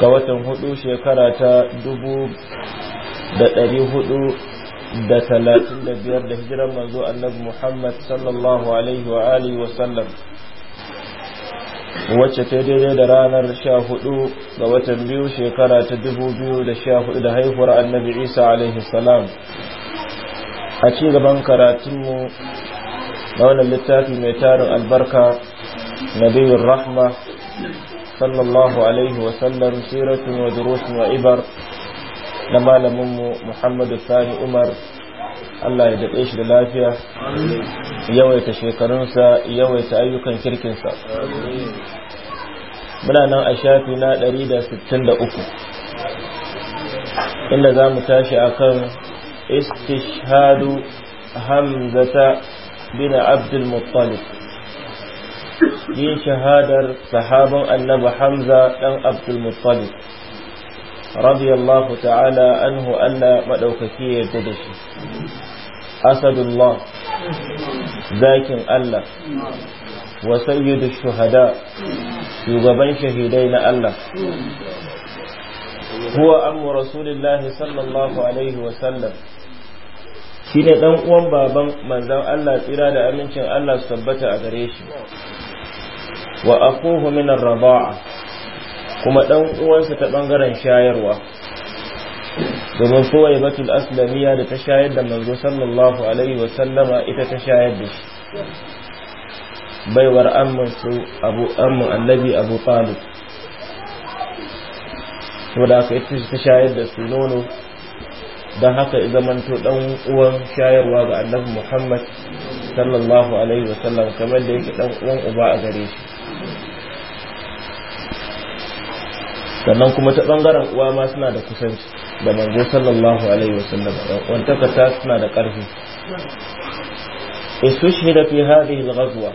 ga watan hudu shekara ta dubu da ɗari hudu da talatin da biyar da hijiran manzo annabi Muhammad sallallahu alaihi wa alihi wa sallam wacce ta daidai da ranar sha hudu ga watan biyu shekara ta dubu biyu da sha hudu da haihuwar annabi Isa alaihi salam a ci gaban karatunmu na wannan littafi mai tarin albarka biyun rahma صلى الله عليه وسلم سيرة ودروس وعبر لما لمم محمد الثاني عمر Allah ya daɗe shi da lafiya yawaita shekarunsa yawaita ayyukan kirkinsa muna nan a shafi na uku. inda za mu tashi akan istishhadu hamzata bin abdul muttalib yin shahadar sahaban annabi hamza ɗan muttalib radiyallahu ta'ala anhu allah ya yadda da shi asadullah zakin allah wa sayyidu shuhada shugaban shahidai na allah huwa amma rasulillahi sallallahu alaihi wa shi shine ɗan uwan baban manzon Allah tsira da amincin Allah su tabbata a gare shi wa akuhu min ar kuma dan uwansa ta bangaren shayarwa domin suwai batul aslamiya da ta shayar da manzo sallallahu alaihi wa sallama ita ta shayar da shi baiwar amman su abu amman annabi abu talib saboda haka ita ta shayar da su nono don haka ya zamanto dan uwan shayarwa ga annabi Muhammad sallallahu alaihi wasallam kamar da yake dan uwan uba a gare shi sannan kuma ta bangaren uwa ma suna da kusanci da manzo sallallahu alaihi wasallam wantaka ta suna da karfi istushhida fi hadhihi al-ghazwa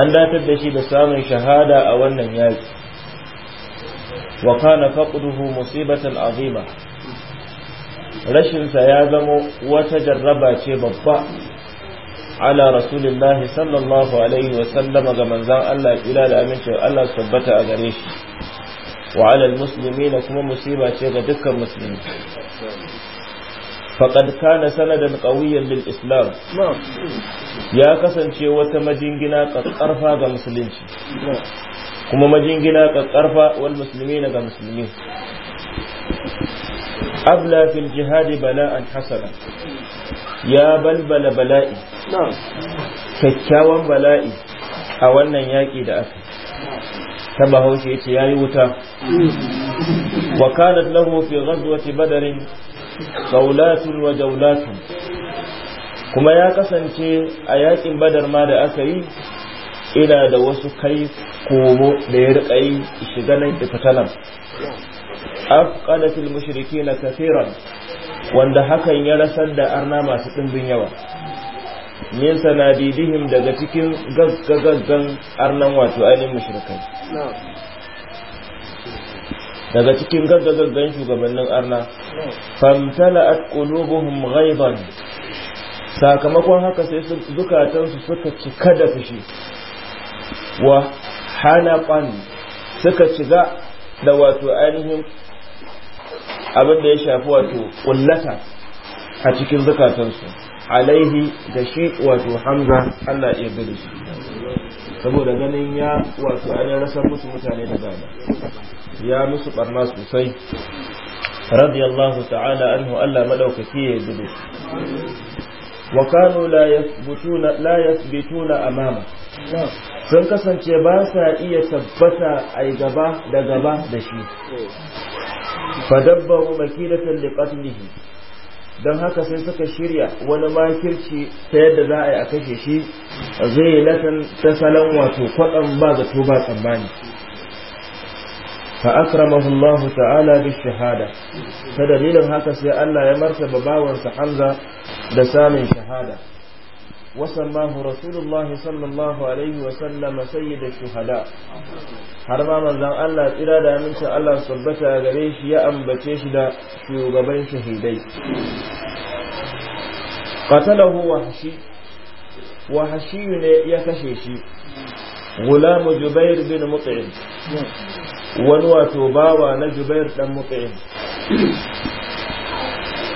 an datar da shi da samun shahada a wannan yaki wa kana faqduhu musibatan azima rashin sa ya zama wata jarraba ce babba ala rasulillahi sallallahu alaihi wasallam ga manzon Allah ila da amincin Allah tabbata a gare shi wa alal musulmi na kuma musiba ce ga dukkan musulmi faƙad kana sanadan ƙauyen lil ya kasance wata majingina ƙarfa ga musulunci kuma majingina ƙarfa wal musulmi na ga musulmi abla fil jihadi bala'an hasana ya balbala bala'i kyakkyawan bala'i a wannan yaƙi da aka ta bahaushe ya ce ya yi wuta wa kanat lahu fi ghazwati badarin saulatun wa jawlatun kuma ya kasance a yakin badar ma da aka yi ina da wasu kai komo da ya riƙa yi shiga nan da fitanan afqalatil mushrikeena kaseeran wanda hakan ya rasar da arna masu ɗimbin yawa min sanadidihim daga cikin gaggagaggan arnan wato ainihin mashirkai daga cikin gaggagaggan shugabannin arna famtala'at qulubuhum ghaiban sakamakon haka sai zukatansu suka cika da fushi wa halaqan suka shiga da wato ainihin abin da ya shafi wato kullata a cikin zukatansu alaihi da shi wato hamza Allah ya bi su saboda ganin ya wato an rasa musu mutane da dama ya musu barna sosai radiyallahu ta'ala anhu Allah madaukaki ya gudu wa kanu la yasbutuna la amama sun kasance ba sa iya tabbata ai gaba da gaba da shi fadabbaru makidatan liqatlihi don haka sai suka shirya wani makirci ta yadda za a yi a kashe shi zai yi latin ta salon wato kwaɗan ba za to ba tsammani fa'akramahullahu ta'ala bi shahada ta dalilin haka sai allah ya martaba bawansa hamza da samun shahada Wasan رسول الله صلى الله عليه وسلم سيد الشهداء har ma manzon Allah tsira da amincin Allah tabbata gare shi ya ambace shi da shugaban shahidai qatalahu wahshi wahshi ne ya kashe shi gulamu jubair bin mut'im wani wato bawa na jubair dan mut'im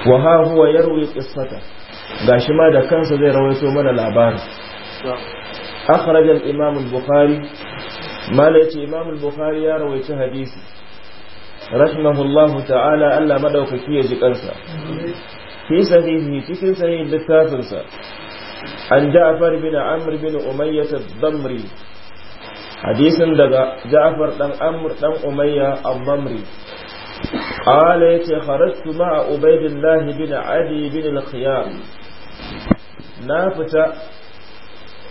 wa ha huwa yarwi qissata gashi ma da kansa zai rawaito mana labarin akhraj imam al-bukhari mala imam al-bukhari ya rawaito hadisi rahimahullahu ta'ala Allah madaukaki ya ji kansa fi sahihi cikin sahihin littafinsa an ja'far bin amr bin umayyah ad-damri hadisin daga ja'far dan amr dan umayya ad-damri قال يتي خرجت مع عبيد الله بن عدي بن الخيار na fita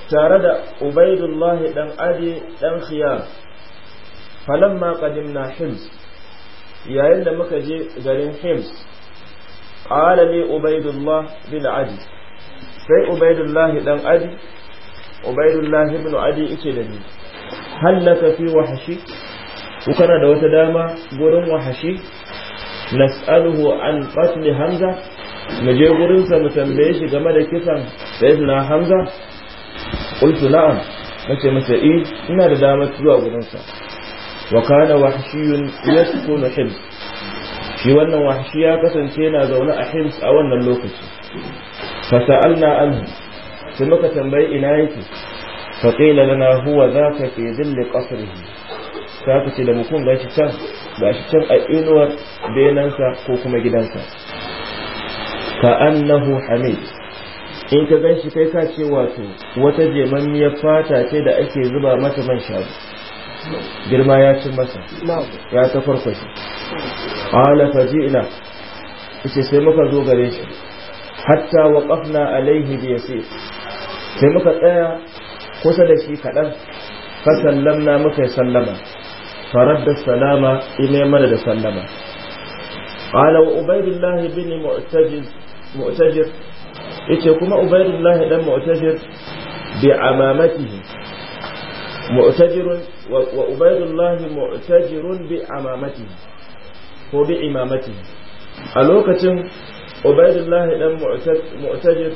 tare da ubaidullah dan adi dan khiyar falamma qadimna hims yayin da muka je garin hims qala li ubaidullah bil adi sai Ubaidullahi dan adi Ubaidullahi ibn adi yake da ni hallaka fi wahshi ku kana da wata dama gurin wahashi nas'aluhu an qatl hamza mu je gurinsa mu tambaye shi game da kisan sayyidina hamza qultu na'am nace masa eh ina da damar zuwa gurinsa wa kana wahshiyun yaskunu hibs shi wannan wahshi ya kasance yana zaune a hims a wannan lokaci fa sa'alna anhu sai muka tambayi ina yake fa qila lana huwa zaka fi dhilli qasrihi saka ce da mu kun gashi can gashi can a inuwar benansa ko kuma gidansa ka annahu hamid in ka gan shi kai ka ce wato wata jemammiyar fata ce da ake zuba mata man shabu girma ya ci masa ya ta farkwashe ala fajina ce sai muka zo gare shi hatta wa alaihi bi yasir sai muka tsaya kusa da shi kaɗan sallamna muka sallama Faradda salama ina mana da sallama ala wa ubaidullahi bin mu'tajiz mu'tajir yace kuma ubaydullah dan mu'tajir bi amamatihi mu'tajir wa ubaydullah mu'tajir bi amamatihi ko bi imamatihi a lokacin ubaydullah dan mu'tajir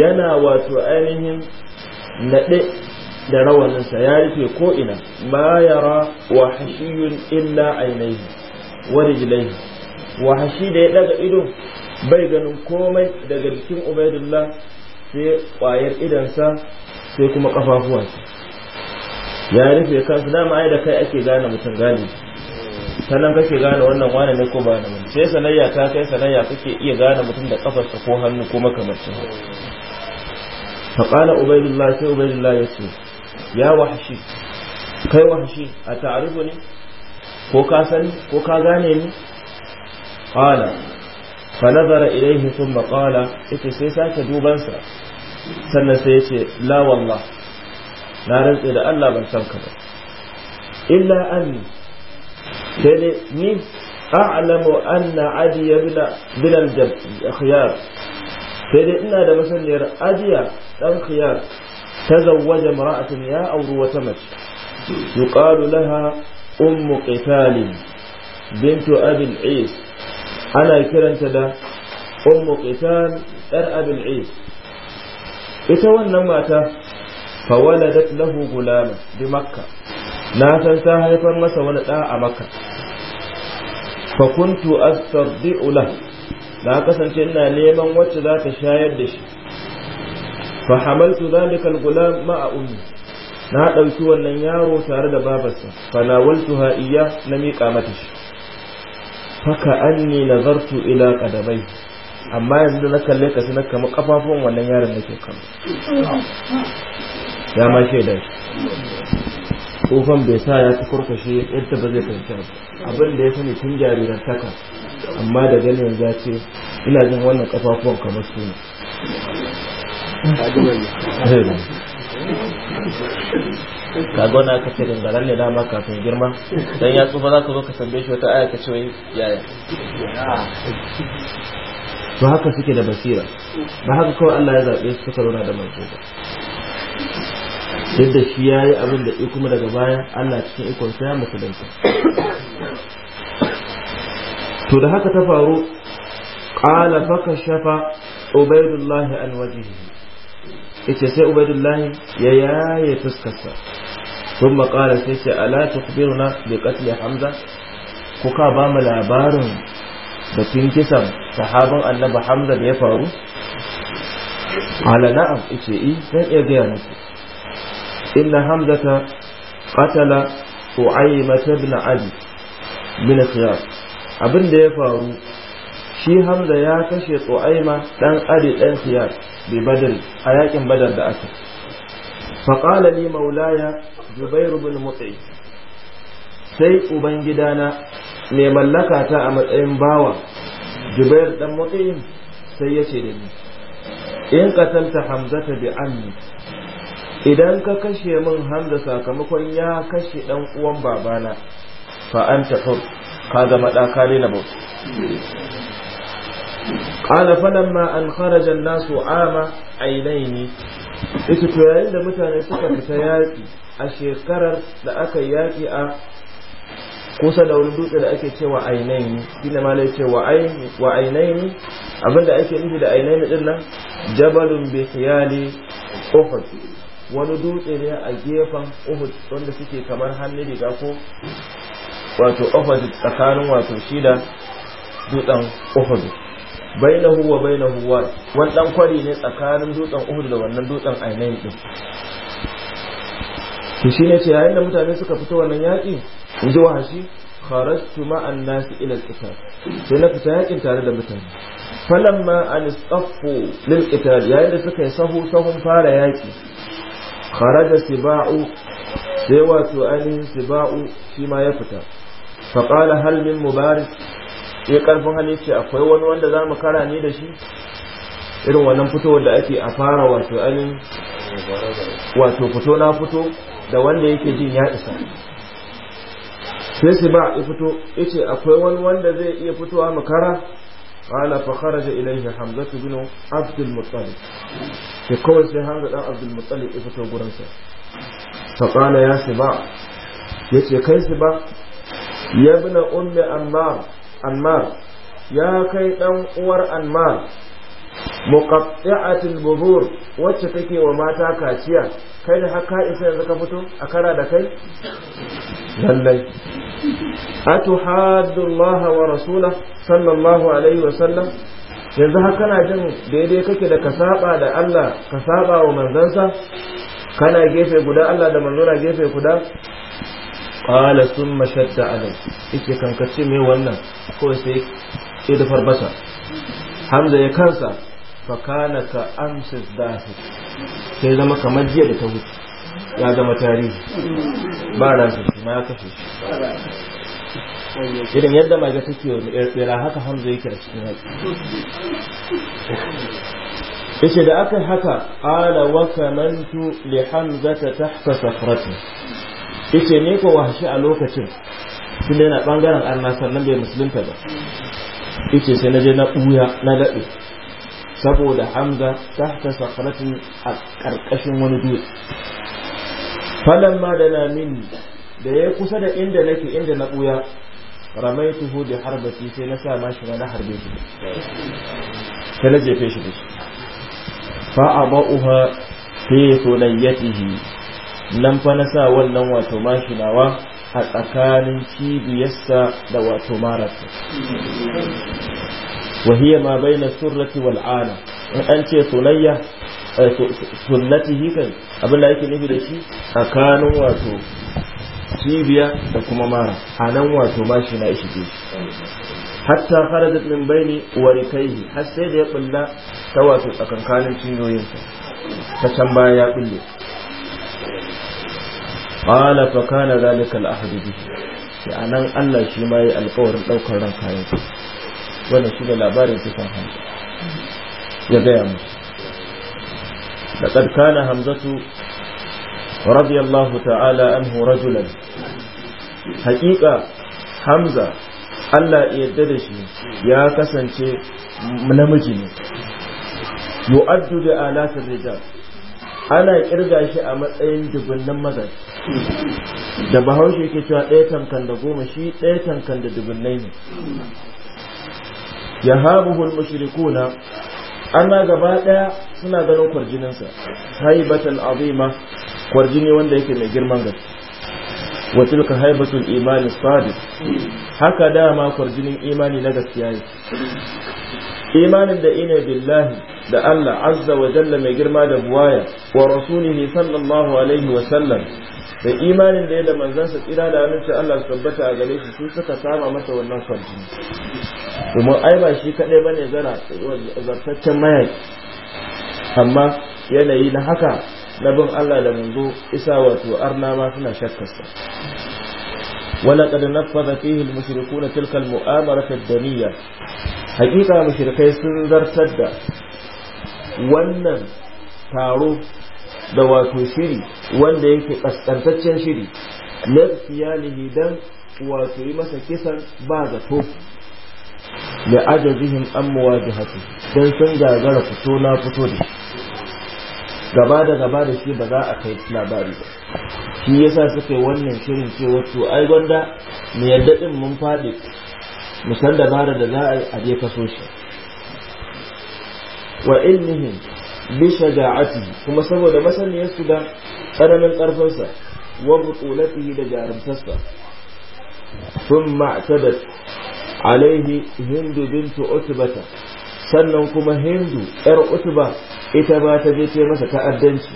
yana wato ainihin nade da rawaninsa ya rufe ko ina ma yara wa hashiyun illa ainihi wa rijlaihi wa hashi da ya daga ido bai ganin komai daga cikin ubaidullah sai kwayar idansa sai kuma kafafuwansa ya rufe kansu na ma'ai da kai ake gane mutum gane sannan kake gane wannan wane ne ko ba na wani sai sanayya ta kai sanayya kake iya gane mutum da kafarsa ko hannu ko makamancin fa ubaidullah sai ubaidullah ya ce ya wahashi kai wahashi a ta'arifu ne ko ka sani ko ka gane ni ƙala fa nazara ilayhi thumma qala yace sai sake duban sa sannan sai yace la wallah na rantse da Allah ban san ka ba illa anni sai dai ni a'lamu anna adiya bila bila al-khiyar sai dai ina da masaniyar adiya dan khiyar tazawwaja imra'atan ya auri wata mace yuqalu laha ummu qitalin bintu abi al ana kiranta da ummu qitan yar abul is ita wannan mata fawaladat lahu gulama bi makka na san ta haifar masa wani da a makka fa kuntu astaddi'u lahu na kasance ina neman wacce za ta shayar da shi fa hamaltu zalika al-gulam ma'a ummi na ɗauki wannan yaro tare da babarsa fa nawaltuha iyya na miƙa mata shi faka anni nazartu ila qadabai amma yanzu na kalle ka sai na kama kafafun wannan yaron nake kan ya ma shaida shi tsofan bai sa ya ta kurkushe yadda ba zai fahimta abin da ya sani tun jarirantaka amma da ganin yanzu ya ce ina jin wannan kafafun kamar su ne ka gona ka ce dangaren ne dama kafin girma dan ya tsufa za ka zo ka tambaye shi wata aya ce wai yaya to haka suke da basira ba haka kawai Allah ya zaɓe su suka rona da manzo ba yadda shi ya yi abin da kuma daga baya Allah cikin ikon sa ya mutu danta to da haka ta faru qala fa kashafa ubaydullah an wajhihi yace sai ubaidullahi ya yaye fuskarsa sun makara sai ce ala ta kubiruna bai hamza kuka ba mu labarin da kinkisan sahabin annaba hamza da ya faru ala na'am ice yi eh, zan iya gaya musu inna ta qatala uaymata ibn abi min khiyar abin da ya faru shi hamza ya kashe tsu'aima dan adi dan siyar bi badal a yakin badar da aka fa qala li maulaya jubair bin mut'i sai ubangidana mai mallaka ta a matsayin bawa jubair dan mut'i sai yace da ni in Hamza ta bi anni idan ka kashe min hamza sakamakon ya kashe dan uwan babana fa anta fur ka zama da na qala falamma an kharaja an-nasu ama aynaini ita to yayin da mutane suka fita yaki a shekarar da aka yaki a kusa da wani dutse da ake ce wa abinda ake nufi da ainaini din nan jabalun bi khiyali uhud wani dutse ne a gefen uhud wanda suke kamar hannun riga ko wato uhud tsakanin wato shida dutsen uhud bainahu wa bainahu wa wani dan kwari ne tsakanin dutsen Uhud da wannan dutsen Ainain din to shine ce yayin da mutane suka fito wannan yaki in ji wahashi kharajtu ma'an nasi ila al-qital sai na fita yakin tare da mutane falamma an istaffu lil qital yayin da suka yi sahu sahun fara yaki kharaja siba'u sai wato ainihin siba'u shi ma ya fita fa qala hal min mubaris sai karfin hali ce akwai wani wanda za mu kara ne da shi irin wannan fito da ake a fara wato anin wato fito na fito da wanda yake jin ya isa sai su ba ya fito ya ce akwai wani wanda zai iya fitowa makara ala fa da ilayhi hamzatu bin abdul muttalib sai kawai sai hanga dan abdul muttalib ya fito gurin sa fa qala ya ce yace kai ba. ya ibn ummi ammar anmar ya kai dan uwar anmar muqatti'atil buhur wacce take wa mata kaciya kai da haka isa yanzu ka fito a kara da kai lallai atuhaddu Allah wa rasulahu sallallahu alaihi wa sallam yanzu haka kana jin daidai kake da ka saba da Allah ka wa manzansa kana gefe guda Allah da manzo na gefe guda sun mashar da alai ike kankace mai wannan ko sai ke da farbasa hamza ya kansa fakana ka amsis dahir sai zama kamar jiya da ta wuce ya zama tarihi ba ran shi ma ya kashe shi irin yadda mai ga take wa tsira haka hamza yake da cikin haƙi yace da aka haka ala wa kamantu li hamzata tahta safrati yace ne ko wahashi a lokacin tun da yana bangaren arna sannan bai musulunta ba yace sai na je na buya na daɗe saboda hamza ta ta sakaratin a ƙarƙashin wani dutse falan ma da na mini da ya kusa da inda nake inda na buya tuho da harbati sai na sa mashi na harbe shi sai na jefe shi da shi fa aba'uha fi sunayyatihi nan fa na sa wannan wato mashinawa a tsakanin cibiyarsa da wato mararsa wahiyar ma bai na surrati wal'ana in an ce sunayya eh, sunnati hikan abinda yake nufi da shi tsakanin wato cibiya da kuma mara a nan wato mashi na ishi ce hatta kharajat min baini ne, har sai da ya bulla ta wato tsakankanin cinyoyinsa ta can baya ya bulle qala fa kana zalika al-ahd bi sai anan Allah shi ma yi alƙawarin ɗaukar ran kayan wannan shi da labarin kisan hamza ya gaya da laqad kana hamzatu radiyallahu ta'ala anhu rajulan haƙiƙa hamza Allah yadda da shi ya kasance namiji ne yu'addu da alatin rijal ana kirga shi a matsayin dubunnan mazan da bahaushe ke cewa ɗaya tankan da goma shi ɗaya tankan da dubunnai ne ya habuhul mushrikuna ana gaba ɗaya suna ganin kwarjininsa haibatan azima kwarjini wanda yake mai girman gaske wa tilka haibatul imani sadiq haka dama kwarjinin imani na gaskiya yake imanin da ina billahi da Allah azza wa jalla mai girma da buwaya wa rasulihi sallallahu alaihi wa sallam da imanin da ya da sa tsira da aminci Allah su tabbata a gare shi su suka sama masa wannan kwanci kuma ai ba shi kaɗai bane zara zartaccen mayaki amma yanayi na haka na bin Allah da manzo isa wato arna ma suna shakkarsa ولقد نفذ فيه المشركون تلك المؤامرة الدنية حقيقة مشركي سنزر da wannan taro da wato shiri wanda yake kaskantaccen shiri lafiyalihi dan wato yi masa kisan ba zato da ajazihim an muwajihati dan sun gagara fito na fito da gaba da gaba da shi ba za a kai labari ba shi yasa suka yi wannan shirin ce to ai gwanda mu yadda din mun faɗi mu san dabara da za a yi a je kaso shi wa ilmihi bi shaja'ati kuma saboda masaniyar su da karfin sa wa butulatihi da jarumtarsa ثم da alaihi hindu bintu utbata sannan kuma hindu ‘yar utba ita ba ta je ce masa ta'addanci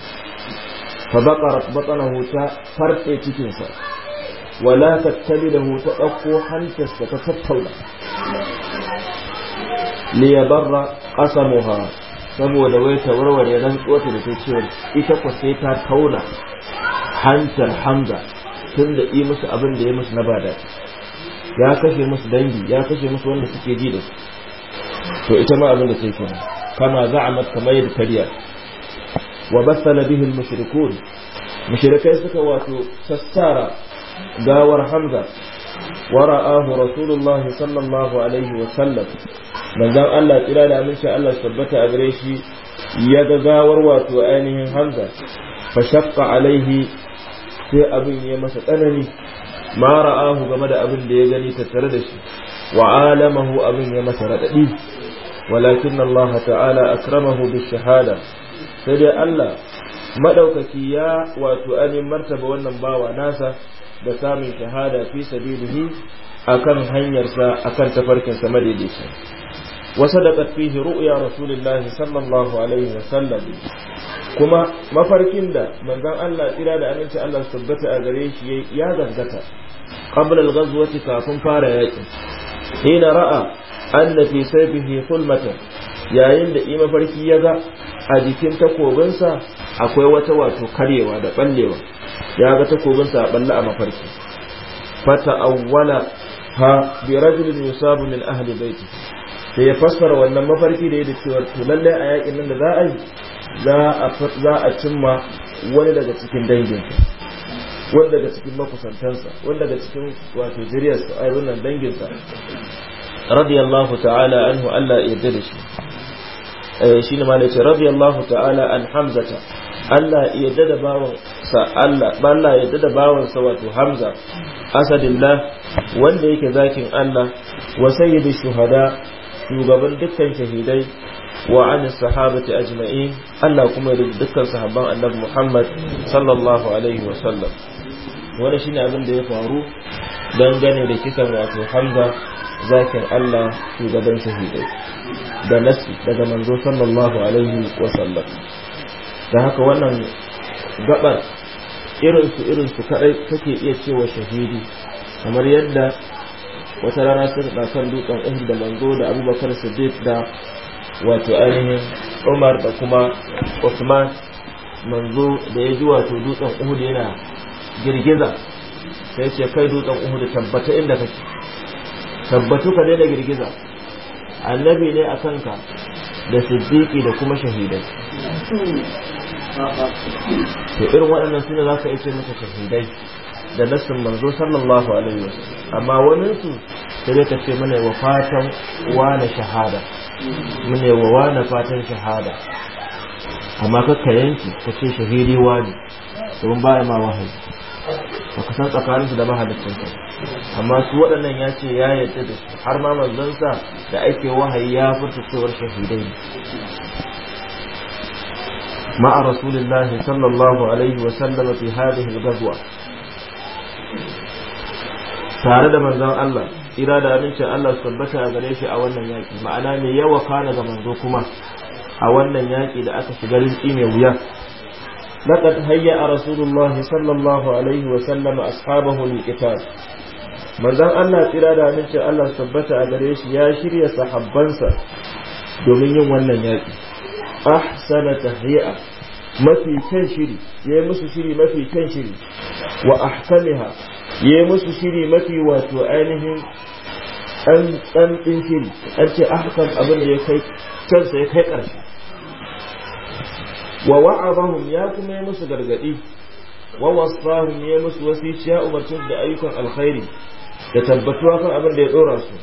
fa baqarat batnahu ta farce cikinsa wala tattabi da ta ɗauko hantarsa ta tattauna yabarra ƙasamuha saboda wai ta warware rantsuwarta da take cewa ita ko sai ta tauna hantar hamza tun da yi musu abin da ya musu na bada ya kashe musu dangi ya kashe musu wanda suke ji da su to ita ma abin da take kenan kama za'amat kamar yadda tariya wa bassala bihi al-mushrikun mushrikai suka wato sassara gawar hamza Wara'ahu, ra'ahu rasulullah sallallahu alaihi wa sallam manzon Allah tsira da aminci Allah tabbata a gare shi ya ga gawar wato ainihin hamza fa shaqqa alaihi sai abin ya masa tsanani Mara'ahu ra'ahu game da abin da ya gani tattare da shi wa alamahu abin ya masa raɗaɗi. walakin Allah ta'ala akramahu bis shahada sai dai Allah madaukaki ya wato anin martaba wannan bawa nasa da samun shahada fi sabilihi akan hanyarsa akan tafarkinsa madaidaici وصدقت فيه رؤيا رسول الله صلى الله عليه وسلم كما مفركين دا من ذا الله إلا دا أمنت الله سبت أغريش يا غزتا قبل الغزوة كافن فارا حين رأى anna fi bihi hulmatan yayin da ima farki ya ga a jikin takobinsa akwai wata wato karyewa da ballewa ya ga takobinsa a balle a mafarki fata awwala ha bi rajulin yusabu min ahli baiti sai ya fassara wannan mafarki da ya da cewa to lalle a yakin nan da za a za a cimma wani daga cikin danginsa wanda daga cikin makusantansa wanda daga cikin wato jiriyarsa ai wannan danginsa radiyallahu ta'ala anhu Allah ya yarda da shi eh, shine ce radiyallahu ta'ala an hamzata Allah ya sa Allah Allah ya sa wato Hamza asadillah wanda yake zakin Allah wa sayyidu shuhada shugaban dukkan shahidai wa an sahabati ajma'in Allah kuma ya dukkan sahabban Annabi Muhammad sallallahu alaihi wa sallam wannan shine abin da ya faru dangane da kisan wato Hamza zakin Allah shugaban shahidai da nasi daga manzo sallallahu alaihi wa sallam da haka wannan gabar irinsu irinsu kadai take iya cewa shahidi kamar yadda wata rana sun da kan dutsen ɗin da manzo da abubakar siddiq da wato ainihin umar da kuma usman manzo da ya ji wato dutsen uhud yana girgiza sai ce kai dutsen uhud tabbata inda kake tabbatu ka daina girgiza annabi ne a kanka da siddiƙi da kuma shahidai to irin waɗannan su ne za ka ce masa shahidai da nassin manzo sallallahu alaihi wasu amma wani su sai ka ce mana wa fatan wane shahada mune wa wane fatan shahada amma kakka yanki ka ce shahidi wani domin baya ma wahayi ba ka tsakaninsu da mahalicin amma su waɗannan ya ce ya yarda da su har ma manzansa da ake wahayi ya furta cewar shahidai ma'a rasulullahi sallallahu alaihi wa sallama fi hadhihi al tare da manzon Allah ira da abinci Allah su tabbata a gare shi a wannan yaki ma'ana mai yawa kana ga manzo kuma a wannan yaki da aka shiga rinki mai wuya laqad hayya rasulullahi sallallahu alaihi wa sallama ashabahu lil manzan Allah tsira da amincin Allah sabbata a gare shi ya shirya sahabbansa domin yin wannan yaƙi ahsana tahyi'a mafi kan shiri yayi musu shiri mafi kan shiri wa ahsaniha yayi musu shiri mafi wato ainihin an dan din shiri an ce ahsan abin da ya kai kansa ya kai karshe. wa wa'adahum ya kuma yi musu gargadi wa wasahum ya musu wasiya umarcin da ayyukan alkhairi da tabbatuwa kan abin da ya tsora su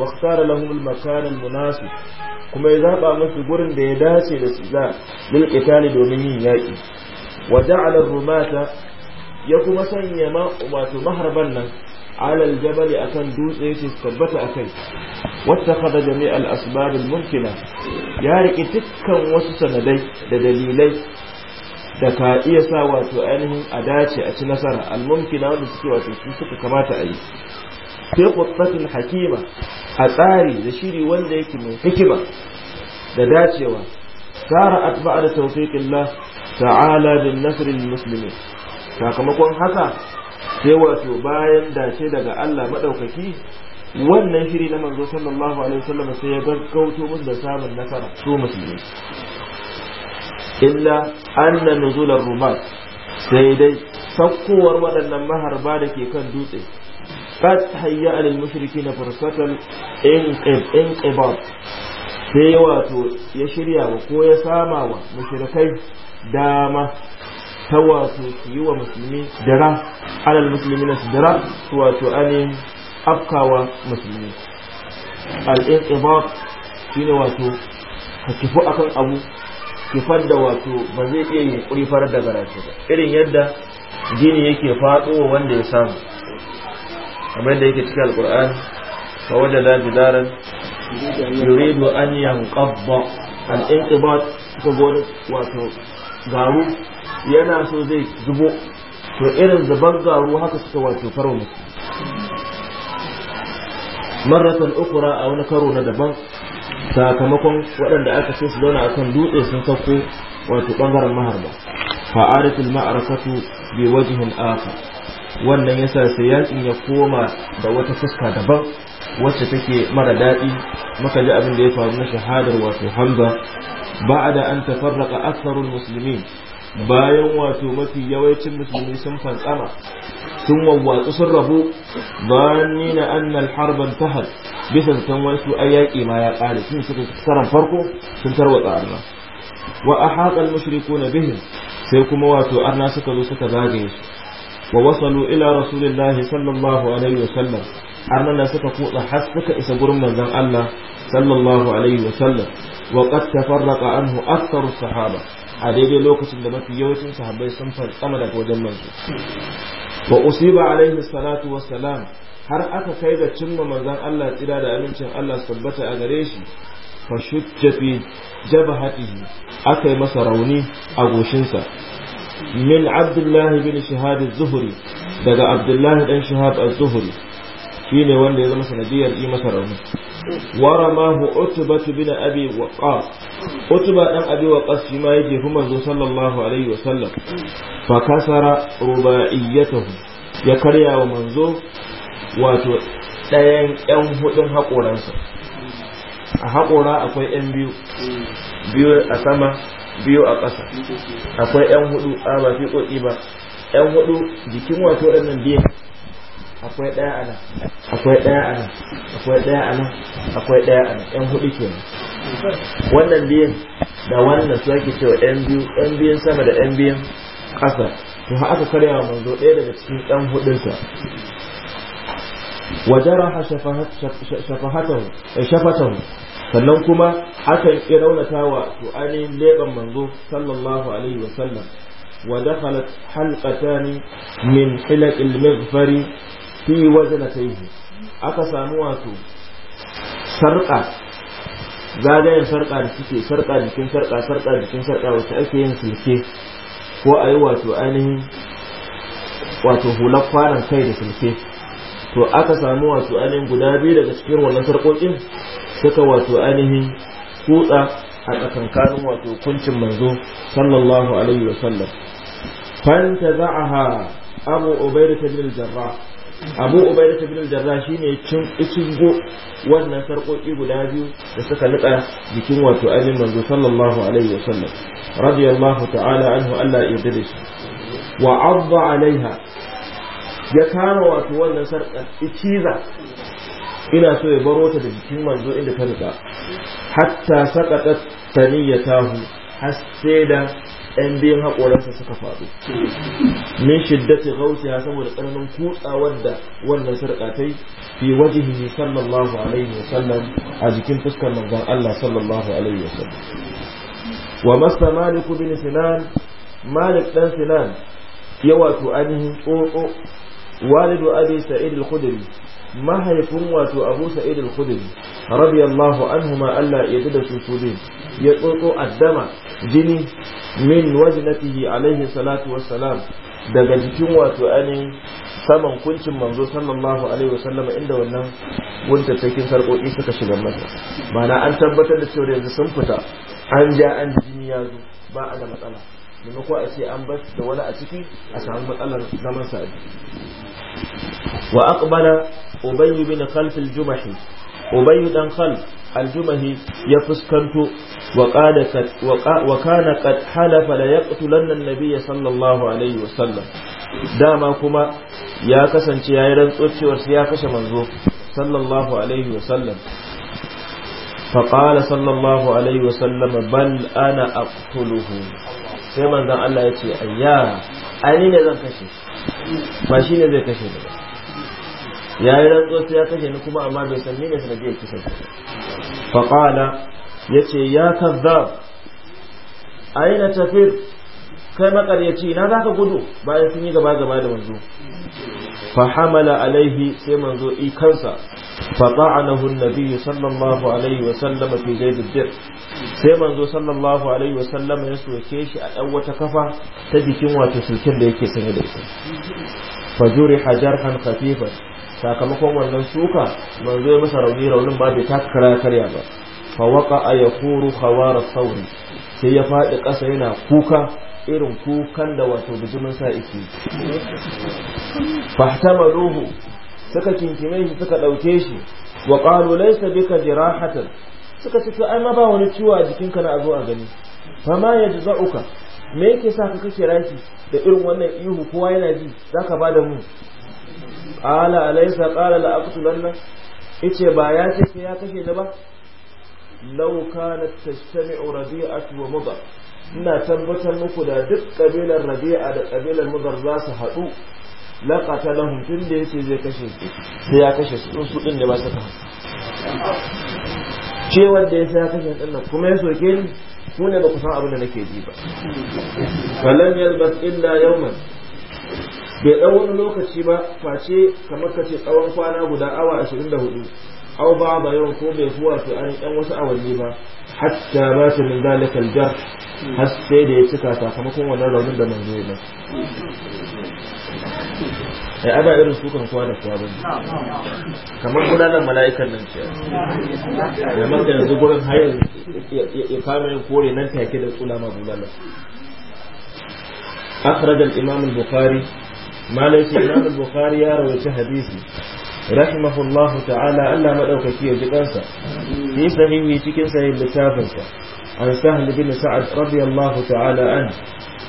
wa tsara lahum al-makan munasib kuma ya zaba musu gurin da ya dace da su za lil qitali domin yin yaki wa ja'ala ar-rumata ya kuma sanya ma wato maharban nan ala al-jabal akan dutse su tabbata akai wattakhadha jami' al-asbab al-mumkina ya riki dukkan wasu sanadai da dalilai da ka iya sa wato ainihin a dace a ci nasara almumkina wanda suke wato su suka kamata a yi sai quttatin hakima a tsari da shiri wanda yake mai hikima da dacewa sara atba'a da tawfiqillah ta'ala bin nasril muslimin sakamakon haka sai wato bayan dace daga Allah madaukaki wannan shiri na manzo sallallahu alaihi wasallam sai ya gaggauto musu da samun nasara su musulmi illa anna nuzular rumat sai dai sakkowar waɗannan maharba da ke kan dutse qad hayya alil mushrikina fursatan in in sai wato ya shirya wa ko ya sama wa mushrikai dama ta wato su yi wa musulmi dara alal musulmi na dara wato anin afkawa musulmi al'in ibab shine wato ka kifu akan abu kifar da wato ba zai iya yunkuri farar da garaje ba irin yadda jini yake faɗo wanda ya samu kamar da yake cikin alkur'an fa wajada bidaran yuridu an yanqabba al-inqibat saboda wato garu yana so zai zubo to irin zuban garu haka suka wato faro musu marratan ukra a wani karo na daban sakamakon waɗanda aka so su zauna a kan dutse sun sauko wato ɓangaren maharba fa'adatul ma'arakatu bi wajhin akhar wannan yasa sai yakin ya koma da wata fuska daban wacce take mara daɗi muka ji abin da ya faru na shahadar wato Hamza ba'da an tafarraqa aktharul muslimin bayan wato mafi yawancin musulmi sun fantsama sun wawatsu sun rabu bayan na annal harban tahal bisa zaton wasu ayyaki yaƙi ma ya ƙare sun suka karan farko sun tarwatsa arna wa ahaqal na bihim sai kuma wato arna suka zo suka zagaye su wa wasalu ila rasulillahi sallallahu alaihi wa sallam arna na suka kutsa har suka isa gurin manzon Allah sallallahu alaihi wa sallam wa qad tafarraqa anhu aktharu sahaba a daidai lokacin da mafi yawancin sahabbai sun sama daga wajen manzo wa usiba alaihi salatu wassalam har aka kai ga cimma manzon Allah tsira da amincin Allah tabbata a gare shi fa shujja fi jabhatihi aka yi masa rauni a goshinsa min abdullahi bin shahad az-zuhri daga abdullahi dan shahab az-zuhri shine wanda ya zama sanadiyar yi masa rauni ورماه عتبة بن أبي وقاص عتبة بن أبي وقاص فيما يجي هم صلى الله عليه وسلم فكسر رباعيته يكريا ومنزو واتو ɗayan ƴan hudun haƙoransa a haƙora akwai ƴan biyu biyu a sama biyu a ƙasa akwai ƴan hudu a fi ƙoƙi ba ƴan hudu jikin wato akwai ɗaya ana, akwai ɗaya ana, akwai ɗaya ana, akwai ɗaya ana, yan hudu kenan wannan biyan da wannan su ake cewa yan biyu yan biyan sama da yan biyan ƙasa to ha aka karya wa manzo ɗaya daga cikin yan hudunsa wajaraha shafahatahu eh, shafatan sannan kuma aka yi raunata wa to ainihin leban manzo sallallahu alaihi wa sallam wa dakhalat halqatan min hilaqil maghfari fi waje na taihi aka samu wato sarƙa zagayen sarƙa da suke sarƙa jikin sarƙa sarƙa jikin sarƙa wata ake yin silke ko a yi wato ainihin wato hular kwanan kai da silke to aka samu wato ainihin guda biyu daga cikin wannan sarƙoƙin suka wato ainihin kutsa a tsakankanin wato kuncin manzo sallallahu alaihi wa sallam fanta za'aha abu ta bin jarrah abu ubaida ta bilin jarra shi ne cin go wannan sarƙoƙi guda biyu da suka nutsa jikin wato ajin manzo sallallahu alaihi wa sallam radiyallahu ta'ala anhu Allah ya dade shi wa adda alaiha ya kama wato wannan sarƙar iciza ina so ya baro ta da jikin manzo inda ta nutsa hatta saqatat taniyatahu har yan biyun haƙoransa suka faɗo min shiddati ghausiha saboda tsananin kutsawar da wannan sarƙa ta yi fi wajihi sallallahu alaihi sallam, a jikin fuskar manzon Allah sallallahu alaihi sallam. wa masa malik bin sinan malik dan sinan ya wato ainihin tsotso walidu abi sa'id al-khudri mahaifin wato abu sa'id al-khudri radiyallahu anhu ma Allah ya da su su ya tsotso addama jini min wajnatihi alaihi salatu wassalam daga jikin wato ainihin saman kuncin manzo sallallahu alaihi wasallam inda wannan gunta cikin sarkoki suka shiga masa ma'ana an tabbatar da cewa yanzu sun fita an ja an jini ya zo ba a da matsala maimako a ce an bar da wani a ciki a samu matsalar zaman sa wa aqbala ubayy bin khalf al-jumahi ubayy dan khalf aljumahi ya fuskanto wa kana qad halafa la yaqtulanna an-nabiyya sallallahu alaihi wasallam dama kuma ya kasance yayi rantsuwar cewa sai ya kashe manzo sallallahu alaihi wasallam فقال صلى الله عليه وسلم بل انا اقتله sai manzon Allah ya ce ayya ani ne zan kashe ba shi zai kashe ba ya yi rantsuwa sai ya kashe ni kuma amma bai san ni ne sanadiyar kisan fa qala yace ya kazzab aina tafir kai makaryaci na zaka gudu bayan sun yi gaba gaba da manzo fa hamala alaihi sai manzo i kansa fa ta'anahu an-nabi sallallahu alaihi wa sallama fi jaydid dir sai manzo sallallahu alaihi wa sallama ya soke shi a dan wata kafa ta jikin wato sulkin da yake sanye da ita fa juri hajar jarhan khafifan sakamakon wannan suka manzo ya masa rauni raunin ba bai taka kara karya ba fa waqa yaquru khawara sauri sai ya faɗi ƙasa yana kuka irin kukan da wato bijimin sa yake fahtamaluhu suka kinkime shi suka ɗauke shi wa qalu laysa bika jirahatan suka ce to ai ma ba wani ciwo a jikinka na azo a gani fa ma yajza'uka me yake sa ka kake raki da irin wannan ihu kowa yana ji zaka bada mu Ala Alaisa qala la aqtulanna yace ba ya ce ya kashe ni ba law kanat tastami'u rabi'atu wa mudar ina tabbatar muku da duk kabilar rabi'a da kabilar mudar za su haɗu laƙata lahun tun da yace zai kashe su sai ya kashe su su ɗin da ba su ce wanda ya sa kashe ɗin nan kuma ya soke ni ku ne ba ku san abin da nake ji ba falan yalbas illa yawman bai dan wani lokaci ba face kamar kace tsawon kwana guda awa ashirin da hudu au ba ba yau ko bai zuwa su an yan wasu awanni ba hatta ba ta min dalika aljar har sai da ya cika sakamakon wannan raunin da manzo ya eh, ai ana irin su kan da kowa bane kamar gudanar mala'ikan nan ce da maka yanzu gurin ya kama yin kore nan take da tsula ma bulala أخرج الإمام البخاري ما ليس الإمام البخاري يا رويس حديثي رحمه الله تعالى ألا مدوك في جبانسا في صحيح ويتكين سهل لتابنسا عن سهل بن سعد رضي الله تعالى عنه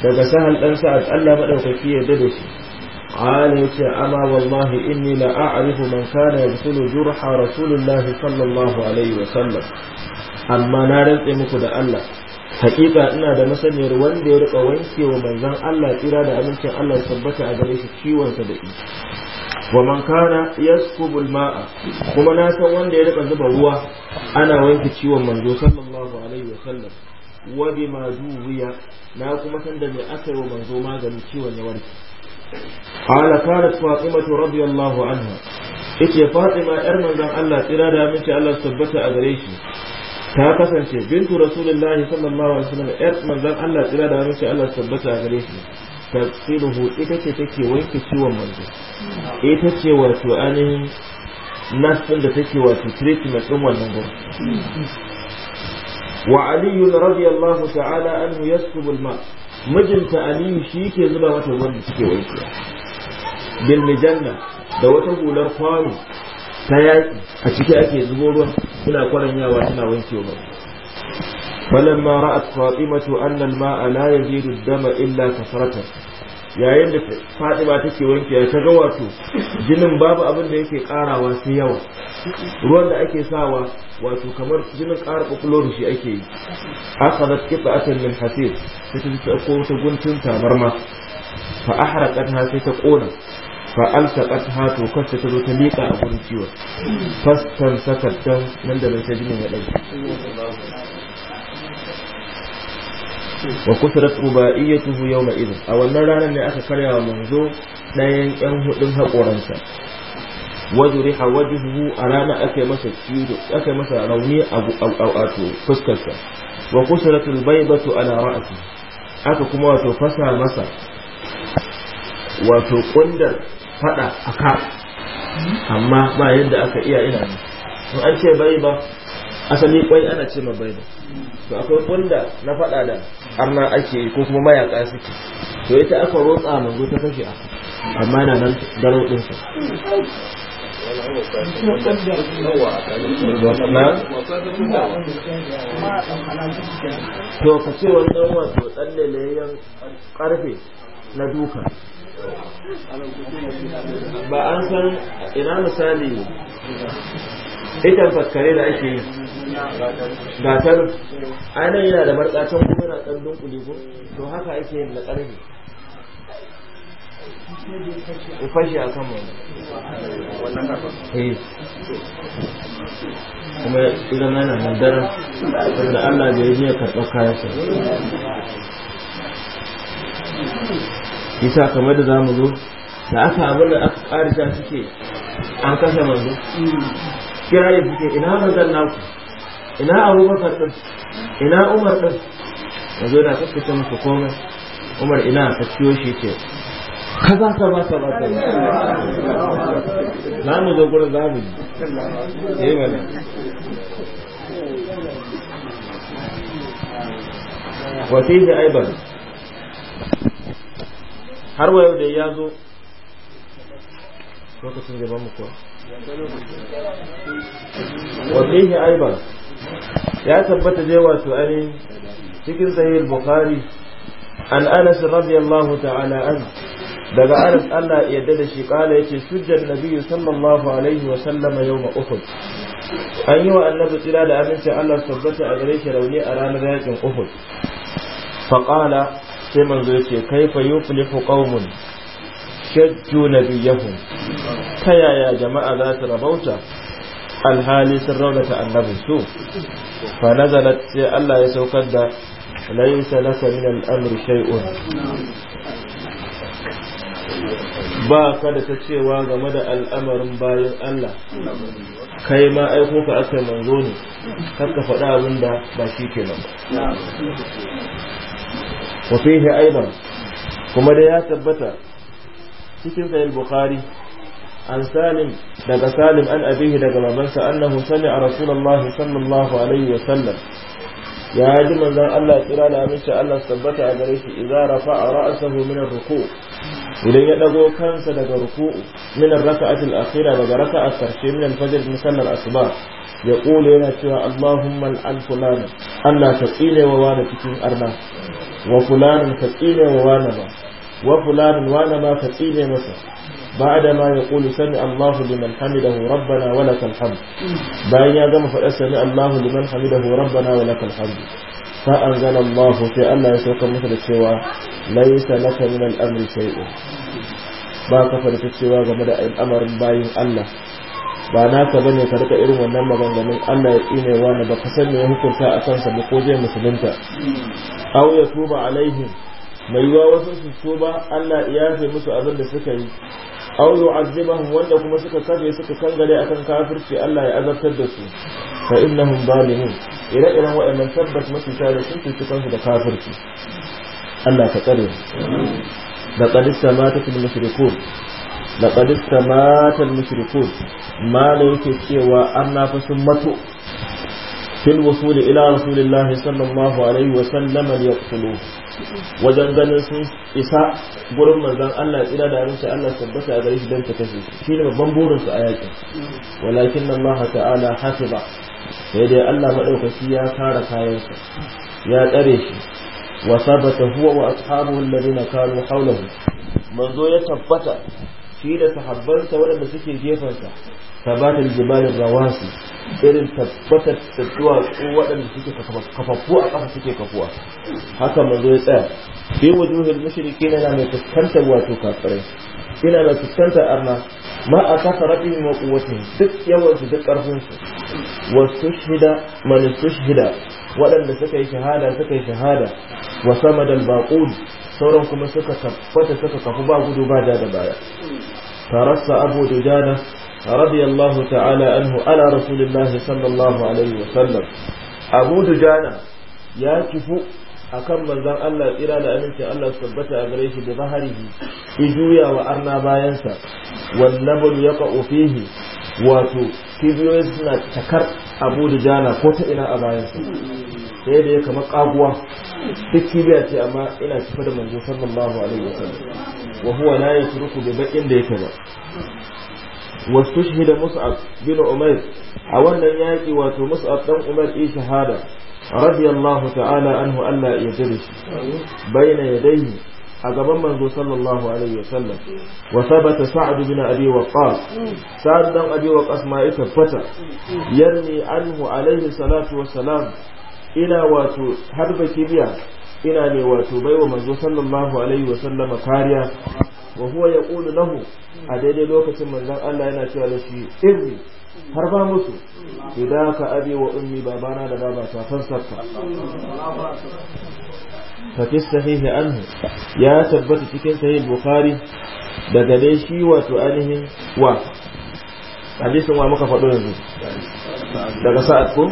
لذا سهل بن سعد ألا مدوك في جبانسا عليك أما والله إني لا أعرف من كان يبسل جرح رسول الله صلى الله عليه وسلم أما نارد إمكد ألا Haƙiƙa ina da masaniyar wanda ya rika wanke wa manzon Allah tsira da amincin Allah ya tabbata a gare shi ciwon sa da wa man kana yaskubu ma'a kuma na san wanda ya rika zuba ruwa ana wanke ciwon manzo sallallahu alaihi wa sallam wa bima duwiya na kuma san da me aka yi wa manzo maganin ciwon ya warke قال كانت فاطمة رضي الله عنها إتي فاطمة أرمان عن الله ترى دامنك الله ثبت أغريشي ta kasance bintu rasulullahi sallallahu alaihi wasallam yar manzon Allah tsira da wani Allah tabbata a gare shi tafsiruhu ita ce take wanke ciwon manzo ita ce wato anin nasin da take wato treatment din wannan gurin wa aliyu radiyallahu ta'ala anhu yaskubu alma mijinta aliyu shi ke zuba mata wanda suke wanke bil mijanna da wata hular kwano ta a ciki ake zubo ruwan suna kwaranyawa suna wanke ruwan falamma ra'at fatimatu anna al-ma'a la dama illa kasratan yayin da fatima take wanke ta ga wato jinin babu abin da yake karawa sai yawa ruwan da ake sawa wato kamar jinin ƙara kokulo shi ake yi akhadat qita'atan min hasib sai ta ko ta guntun tabarma fa ahraqatha sai ta kona fa alsaqat ha to kasta ta zo ta miƙa a gurin ciwon fastan sakaddan nan da nan ta ya ɗauki wa kusurat yau yawma idin a wannan ranar ne aka karya wa manzo ɗayan ƴan hudun haƙoransa wajuri wajhuhu a ranar aka yi masa ciwo aka yi masa rauni a wato fuskarsa wa kusurat albaydatu ala ra'si aka kuma wato fasa masa wato kundar faɗa a ka amma ba yadda aka iya ina ne in an ce bai ba asali kwai ana ce ma bai ba to akwai kunda na faɗa da arna ake ko kuma mayaka suke to ita aka rotsa manzo ta kashe aka amma yana nan daro sa to ka ce wannan wato tsalle karfe na duka ba an san ina misali idan fakare da ake yi gatar ainihin yana da barkatun kuma na ɗan dunkule ko to haka ake yin da ƙarfi ya fashe a kan wani eh. kuma idan yana mandara da allah ya ji ya karɓar kayansa isa kamar da zamu zo da aka abin da aka karisa suke an kasa manzo kira ya suke ina manzan naku ina abubakar din ina umar din yanzu yana kaskace masa komai umar ina ka ciyo shi ce kaza ka ba ka ba ka za mu zo gurin za mu ji eh mana وفيه أيضا har wa yau da ya zo lokacin ba mu kuwa wafihi aiba ya tabbata dai wato ainihin cikin sahih bukhari an anas radiyallahu ta'ala an daga anas Allah ya yarda da shi kala yace sujjan nabiyyi sallallahu alaihi wa sallama yawma uhud an yi wa annabi tsira da aminci Allah tabbata a gare shi rauni a ranar yakin uhud fa qala sai manzo yace kaifa yuflihu qaumun shajju nabiyahum ta yaya jama'a za su rabauta alhali sun raunata annabi su fa nazalat sai Allah ya saukar da laysa laka min al-amri shay'un ba ka da ta cewa game da al'amarin bayan Allah kai ma aiko ka aka manzo ne kar ka faɗa abin da ba shi ke nan wa fihi aidan kuma da ya tabbata cikin sahih bukhari an salim daga salim an abihi daga babansa annahu a rasulullahi sallallahu alaihi wa sallam ya ji manzon Allah kira da aminci Allah tabbata a gare shi idza rafa'a ra'sahu min ruku idan ya dago kansa daga ruku'u min ar-raka'ati al daga raka'a a min al-fajr musallar asuba ya kula yana cewa Allahumma al-fulan Allah ta tsine wa da cikin arna wa fulanin ka tsine masa ba a ya kulu sani allahu liman hamidahu rabbana wa laka alhamdu bayan ya gama faɗa sani allahu liman hamidahu rabbana wa laka alhamdu fa anzala allahu sai allah ya saukar masa da cewa laisa laka min al'amri sai'in ba ka faɗa cewa game da al'amarin bayin allah ba na ba bane ka rika irin wannan maganganun Allah ya tsine na ba ka san me hukunta a kansa ba ko zai musulunta aw ya tuba alaihim mai yiwa wasu su tuba Allah ya yafe musu abin da suka yi aw yu'azzibahum wanda kuma suka kafe suka kangare akan kafirci Allah ya azabtar da su fa innahum zalimun ire-iren waɗannan tabbas masu tare sun cuci kansu da kafirci Allah ka tsare da qadissa matatul mushrikun laqad istamatal mushrikun mala yake cewa anna fa sun mato fil wusul ila rasulillah sallallahu alaihi wa sallam wajen ganin sun isa gurin manzon Allah tsira da harin Allah tabbata a gare shi dan ta kashe shi ne babban burin su a yakin walakin Allah ta'ala hasiba sai dai Allah madaukaki ya kayan sa. ya tsare shi wa sabata huwa wa ashabuhu alladhina kanu hawlahu manzo ya tabbata shi da sahabbansa waɗanda suke jefansa sabatar jibalin rawasi irin tabbatar da duwatsu waɗanda suke kafafu a ƙasa suke kafuwa haka manzo ya tsaya fi wujuhil mushriki na mai fuskantar wato kafirai ina mai fuskantar arna ma a kasa rabin wa kuwatin duk yawansu duk su. wasu shida man shida waɗanda suka yi shahada suka yi shahada wa sama da baƙun sauran kuma suka tabbata suka kafu ba gudu ba da baya tarassa abu dujana radiyallahu ta'ala anhu ala rasulillahi sallallahu alaihi wa sallam abu dujana ya kifu akan manzon Allah tsira da aminci Allah su tabbata a gare shi da zaharihi juya wa arna bayansa wallabul yaqa'u fihi wato kibiyoyi suna takar abu dujana ko ta ina a bayansa sai da ya kama kaguwa duk kibiya ce amma ina tafi da manzo sallallahu alaihi wasallam wa huwa la yatruku bi bakin da yake ba wastushhida mus'ab bin umair a wannan yaki wato mus'ab dan umar yi shahada radiyallahu ta'ala anhu Allah ya jira shi baina yadayhi a gaban manzo sallallahu alaihi wasallam wa sabata sa'd bin abi waqas sa'd dan abi waqas ma ya tabbata yarni anhu alaihi salatu wa salam ina wato harba kibiya ina ne wato baiwa manzo sallallahu alaihi wa sallam kariya wa huwa yaqulu lahu a daidai lokacin manzon Allah yana cewa da shi irri har ba musu idaka abi wa ummi babana da babata fansarka fa fi sahihi anhu ya tabbata cikin sahih bukhari daga dai shi wato ainihin wa hadisin wa muka faɗo yanzu daga sa'ad ko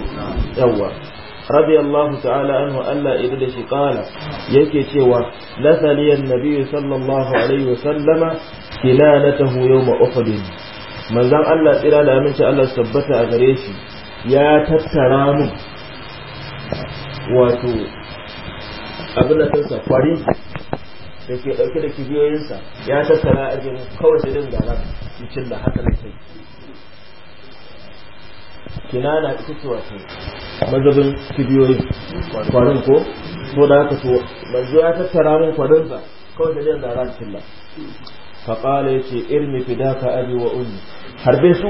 yawwa radiyallahu ta'ala anhu Allah ya da shi kala yake cewa lasaliyan nabiyyu sallallahu alaihi wa sallama kilalatahu yawma uhud manzon Allah tsira da aminci Allah tabbata a gare shi ya tattara mu wato abin da kansa da ke dauke da kibiyoyinsa ya tattara a jin kawai sai din gara cikin da haka na sai kinana ita ce wato mazabin kibiyoyin kwarin ko so da haka so manzo ya tattara min kwarinsa kawai da yanda ran cikin fa qala yace irmi fidaka abi wa ummi harbe su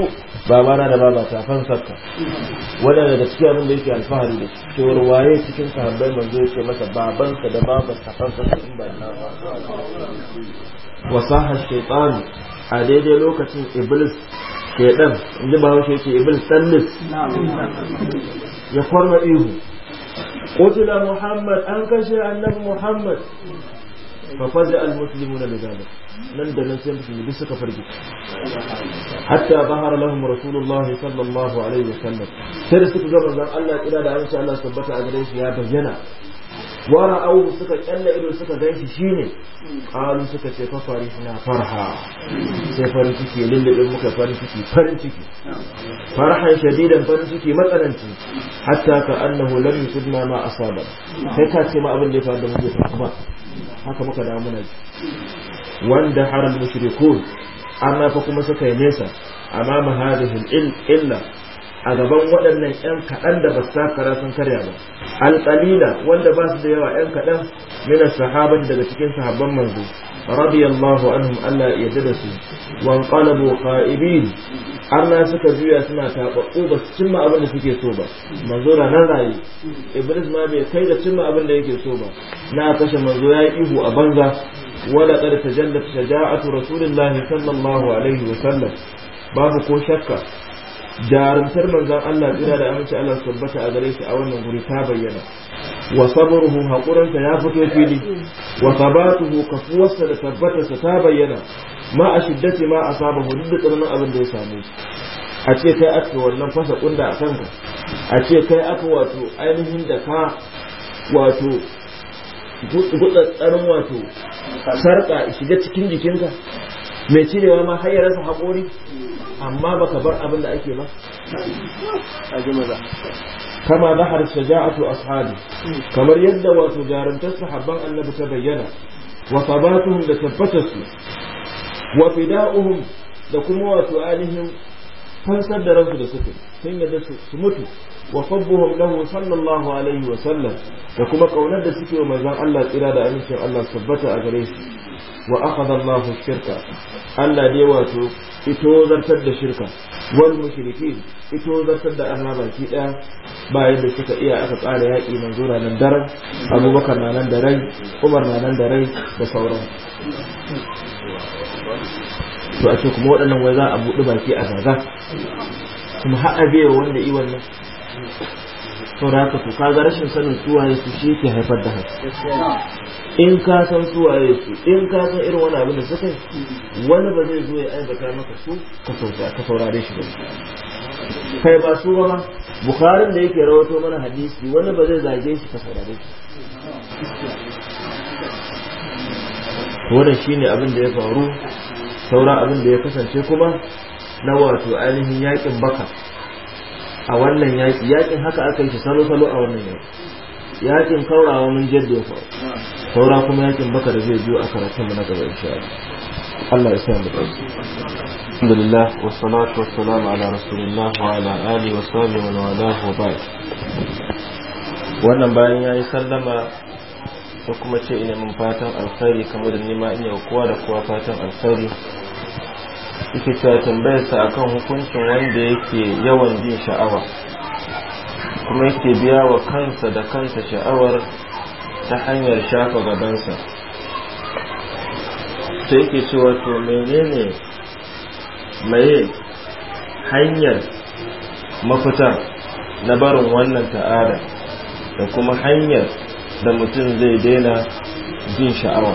mana da baba fan sakka wala da cikin abin da yake alfahari da To ruwaye waye cikin sahabbai manzo yace masa masa babansa da baban fan sakka in ba na wasaha shaytan a daidai lokacin iblis shaidan inda ba haushe ce ibn sallis ya kwarma ihu qutila muhammad an kashe annabi muhammad fa faza al muslimuna bi zalik nan da nan sai musulmi duk suka farge hatta bahara lahum rasulullah sallallahu alaihi wasallam sai da suka ga manzon Allah kira da amince Allah tabbata a gare shi ya bayyana wara auhu suka kyalla ido suka ganshi shine ƙalu suka ce fa suna farha sai farin ciki lullubin muka farin ciki farin ciki farhan shadidan farin ciki matsananci hatta ka annahu lami yusibna ma asaba sai ka ce ma abin da ya faru da muke bai haka muka damu na wanda haral mushrikun amma fa kuma suka yi nesa amma hadhihi illa a gaban waɗannan 'yan kaɗan da ba su takara sun karya ba alƙalila wanda ba su da yawa 'yan kaɗan mina sahaban daga cikin sahabban manzo radiyallahu anhum Allah ya yarda da su wan qalabu qa'ibin suka juya suna taɓaɓɓu ba su cimma abin da suke so ba manzo na nan raye iblis ma bai kai da cimma abin da yake so ba na kashe manzo ya ihu a banza wala qad tajallat shaja'atu rasulillahi sallallahu alaihi wa babu ko shakka jarumtar manzan Allah tsira da aminci Allah su tabbata a gare shi a wannan guri ta bayyana wa sabruhu haƙurinsa ya fito fili wa sabatuhu kafuwarsa da tabbatarsa ta bayyana ma a shiddati ma a saba duk da abin da ya samu. shi a ce kai aka wannan fasa kunda a kanka a ce kai aka wato ainihin da ka wato gutsattsarin wato sarƙa shiga cikin jikinka mai cirewa ma har ya haƙori amma baka bar abin da ake ba kama da har shaja'atu ashabi kamar yadda wato jarumtar sahabban annabi ta bayyana wa sabatuhum da tabbatarsu wa fida'uhum da kuma wato ainihin fansar da ransu da suke sun yadda su mutu wa fabbuhum lahu sallallahu alaihi wa sallam da kuma kaunar da suke wa manzon Allah tsira da amincin Allah tabbata a gare shi wa akhadha Allahu shirka Allah dai wato ito zartar da shirka wal mushrikin ito zartar da Allah baki daya bayan da suka iya aka tsara yaki mai zura nan daren Abubakar na nan da rai Umar na nan da rai da sauran to a ce kuma waɗannan wai za a buɗe baki a zaza kuma haɗa bewa wanda yi wannan saboda haka to kaga rashin sanin suwaye su shi ke haifar da haka in ka san su waye su in ka san irin wani abin da suka wani ba zai zo ya aibata maka su ka saurare shi ba. kai ba su ba bukharin da yake rawato mana hadisi wani ba zai zage shi ka saurare shi wannan shine abin da ya faru sauran abin da ya kasance kuma na wato ainihin yakin baka a wannan yaki yakin haka aka yi shi salo-salo a wannan yaki yakin kaurawa mun jirgin fa saura kuma yakin baka da zai biyo a karatun mu na gaba insha Allah Allah ya sa mu dace alhamdulillah wassalatu wassalamu ala rasulillah wa ala alihi wa sahbihi wa wala wa ba'd wannan bayan yayi sallama ko kuma ce ina mun fatan alkhairi kamar da nima in yau kowa da kowa fatan alkhairi yake ta tambayarsa akan hukuncin wanda yake yawan jin sha'awa kuma yake biya wa kansa da kansa sha'awar ta hanyar shafa gabansa ta yake cewa wato menene maye hanyar mafita na barin wannan ta'ada da kuma hanyar da mutum zai daina jin sha'awa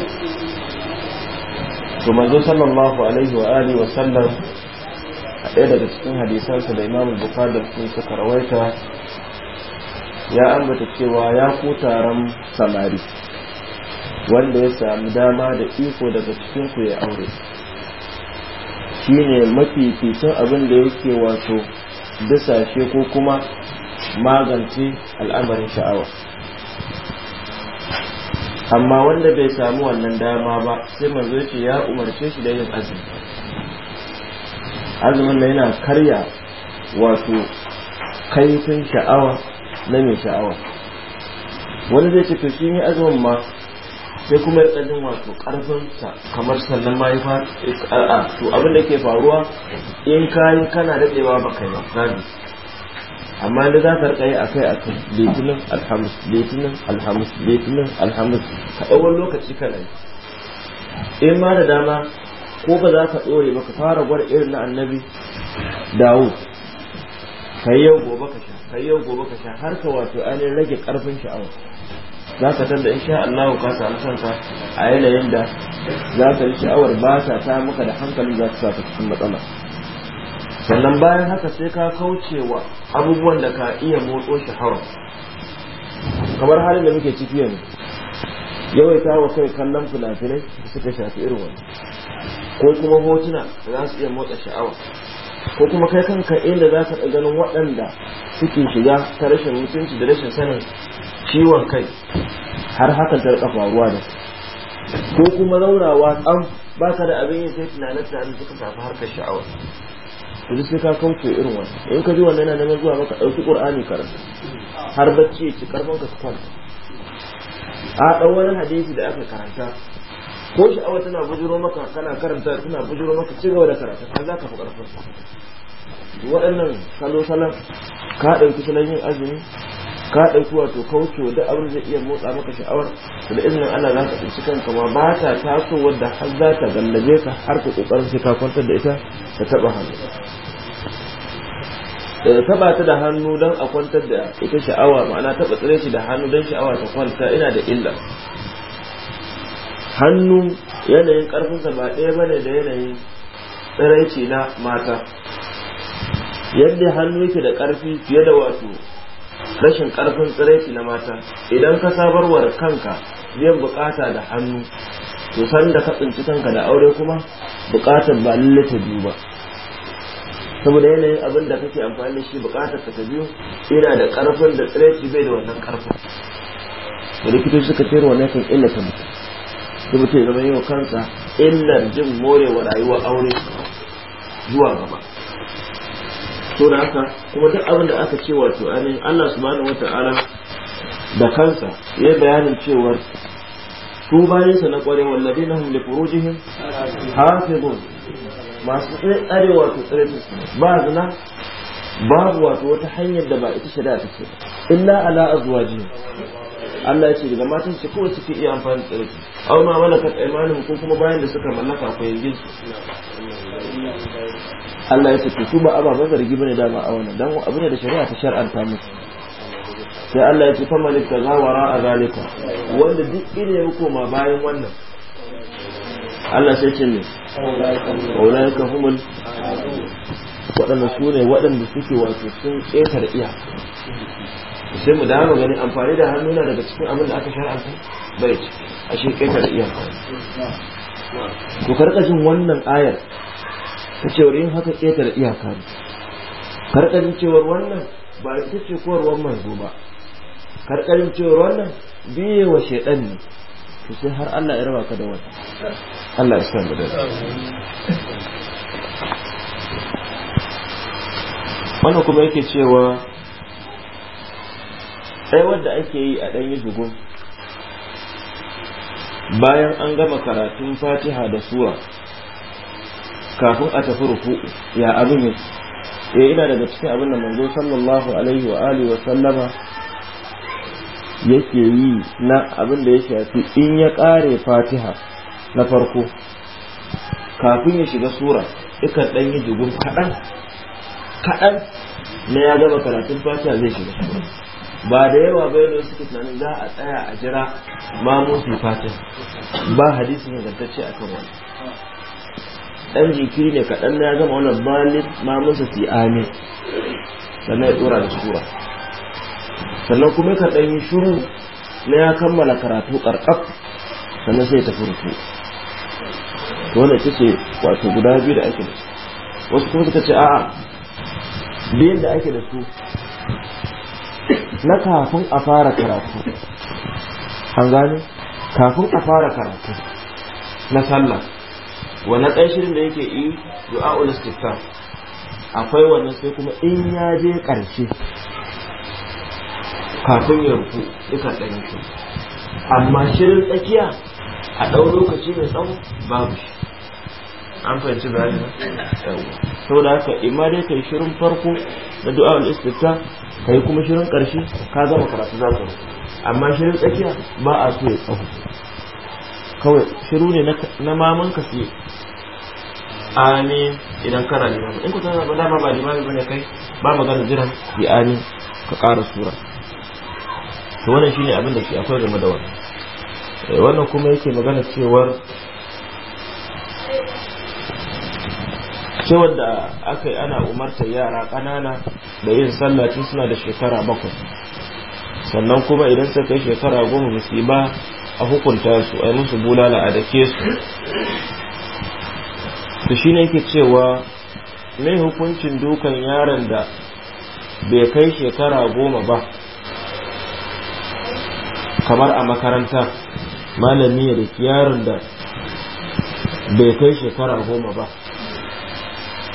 to manzo sallallahu alaihi wa wa sallam a ɗaya daga cikin hadisansa da imamu bukhari sun suka rawaita ya ambata cewa ya ku taron samari wanda ya sami dama da iko daga cikin ku ya aure shi ne mafi fitin abin da yake wato dasashe ko kuma magance al'amarin sha'awa amma wanda bai samu wannan dama ba sai manzo ce ya umarce shi da yin azumi azumin na yana karya wato kaifin sha'awa na mai sha'awa wani zai ce to shi ne azumin ma sai kuma ya tsallin wato karfinsa kamar sannan ma ya fara to abin da ke faruwa in kayi kana daɗewa ba kai ba sabi amma da za ka rikayi akai akai litinin alhamis litinin alhamis litinin alhamis ka ɗauwar lokaci ka yi in ma da dama ko ba za ka ɗore ba ka fara gwar irin na annabi dawo ka yi yau gobe ka kai yau gobe ka sha har ka wato ainihin rage karfin sha'awa za ka tanda in sha Allah ka samu kanka a yanayin da za ka yi sha'awar ba ta ta maka da hankali za ta sa cikin matsala sannan bayan haka sai ka kauce wa abubuwan da ka iya motso sha'awa kamar halin da muke ciki yanzu ta wa kai kallon fina-finai suka shafi irin wani ko kuma hotuna za su iya motsa sha'awar. ko kuma kai kanka inda za ka ganin waɗanda suke shiga ta rashin mutunci da rashin sanin ciwon kai har hakan ta rika faruwa da ko kuma raurawa tsam ba ka da abin yin sai tunanin tunanin suka tafi harkar sha'awa to duk sai ka kauce irin wannan in ka ji wannan yana neman zuwa maka ɗauki ƙur'ani karanta har bacci ya ci karfin ka kwanta a ɗan wani hadisi da aka karanta ko sha'awa tana bujiro maka kana karanta tana bujiro maka ci gaba da karatu har za ka fi ƙarfin waɗannan salo salon ka ɗauki salon yin azumi ka ɗauki wato kauce da abin zai iya motsa maka sha'awar da izinin Allah za ka ɗauki kanka ma ba ta taso wadda har za ta gallabe ka har ka ƙoƙarin sai ka kwantar da ita ka taɓa hannu da taɓa ta da hannu don a kwantar da ita sha'awa ma'ana taɓa tsare shi da hannu don sha'awa ta kwanta ina da illa hannu yanayin karfinsa ba ɗaya bane da yanayin tsiraici na mata yadda hannu yake da ƙarfi fiye da wato rashin ƙarfin tsiraici na mata idan ka sabarwar kanka biyan bukata da hannu to san da ka tsinci kanka da aure kuma bukatar ba lalle ta biyu ba saboda yanayin abin da kake amfani da shi bukatar ka ta biyu ina da ƙarfin da tsiraici bai da wannan ƙarfin likitoci suka ce wannan kan illata mutum da mutum zama yi wa kansa illar jin morewa rayuwar aure zuwa gaba so da haka kuma duk abin da aka ce wato ainihin Allah wata wata'ala da kansa ya bayanin cewar su sa na kware wallabi na hum li jihin hafizun masu tsare wato tsare ba zina babu wato wata hanyar da ba ita ta ce illa ala jihin Allah ya ce daga matan ce kawai suke iya amfani da tsare auna mana ka tsammanin ko kuma bayan da suka mallaka ko yanzu su Allah ya saki su ba ababen zargi bane dama a wannan dan abu ne da shari'a ta shar'anta musu sai Allah ya ce fa malik ta zawara a zalika wanda duk ina ya koma bayan wannan Allah sai ce ne ulaika humul waɗanda su ne waɗanda suke wato sun ƙetar iya sai mu dawo gani amfani da hannu na daga cikin abin da aka shar'anta bai ci ashe kai ka da iya to karka jin wannan ayar ta cewar yin haka ƙetare iyaka ne karka jin cewar wannan ba ita cewar wannan zo ba karka jin cewar wannan biye wa shaidan ne su sai har Allah ya raba ka da wata Allah ya san da wannan kuma yake cewa sai wanda ake yi a ɗanyi zugun bayan an gama karatun fatiha da sura kafin a tafi ruku ya abin yi ya eh, ina daga cikin abin da manzo sallallahu alaihi wa alihi wa sallama yake yi na abin da ya shafi in ya kare fatiha na farko kafin ya shiga sura ika dan yi dugun kadan kadan na ya gama karatun fatiha zai shiga sura ba da yawa ba yana suke tunanin za a tsaya a jira ma musu fatin ba hadisin ce a kan wani ɗan jikiri ne kaɗan na ya zama wannan balin ma musu fi ame sannan ya tsora da shura sannan kuma ka ɗan yi shuru na ya kammala karatu ƙarƙaf sannan sai ta furto wanda ita ce wato guda biyu da ake da su wasu kuma suka ce a'a biyan da ake da su na kafin a fara karatu an gane kafin a fara karatu na sallah wannan ɗan shirin da yake yi du'a'ul istighfar akwai wannan sai kuma in ya je ƙarshe kafin ya rufu duka ɗan shi amma shirin tsakiya a ɗau lokaci mai tsawo babu shi an fahimci bayani na sau da haka imma dai kai shirin farko na du'a'ul istighfar kai kuma shirin karshe ka zama karatu za amma shirin tsakiya ba a so ya tsaho kawai shiru ne na mamun ka amin idan kana limamin in ku tana ba dama ba limamin bane kai ba magana jiran yi amin ka ƙara sura to wannan shine abin da ke akwai game da wannan eh, wannan kuma yake magana cewar ce wanda aka yi ana umartar yara ƙanana da yin sallaci suna da shekara bakwai sannan kuma idan suka kai shekara goma musiba a hukunta su a musu bulala a dake su su shi ne yake cewa mai hukuncin dukan yaron da bai kai shekara goma ba kamar a makaranta malami da yaron da bai kai shekara goma ba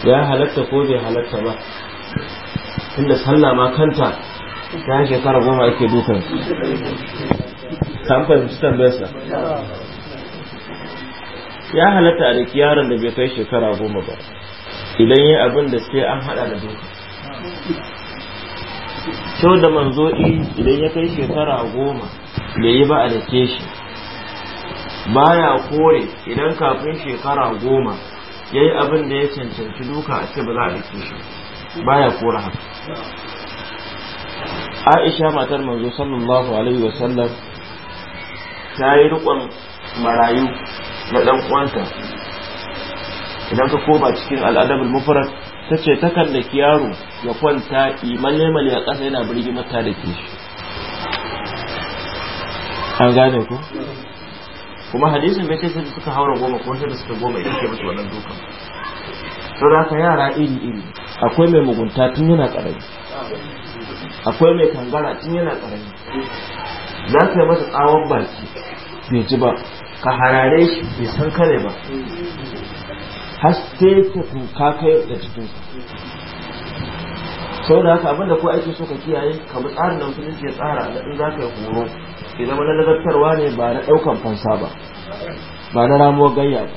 ya halatta ko bai halatta ba tunda sallah ma kanta ta shekara goma ake dukan an fahimci besa ya halatta a daki yaron da bai kai shekara goma ba idan yi abin da sai an hada da duka Kyau da manzo'i idan ya kai shekara goma bai yi ba a ke shi baya kore idan kafin shekara goma yayi abin da ya cancanci duka a ce ba za a dake shi baya kora haka aisha matar manzo sallallahu alaihi sallam ta yi rikon marayu na dan kwanta idan ka koma cikin al'adabul mufrad ta ce ta yaro ya kwanta imalle mali a ƙasa yana birgi mata da ke shi an gane ku kuma hadisin bai ce sai da suka haura goma ko sai da suka goma idan ke musu wannan dukan da ka yara iri iri akwai mai mugunta tun yana karami akwai mai kangara tun yana karami za ka yi masa tsawon baki bai ji ba ka harare shi bai san kare ba har sai ka kuka kai da cikinsa sau da haka abinda ko aiki so ka kiyaye ka bi tsarin da musulunci ya tsara da in za ka yi horo shi zama na nazartarwa ne ba na ɗaukan fansa ba ba na ramuwar gayya ba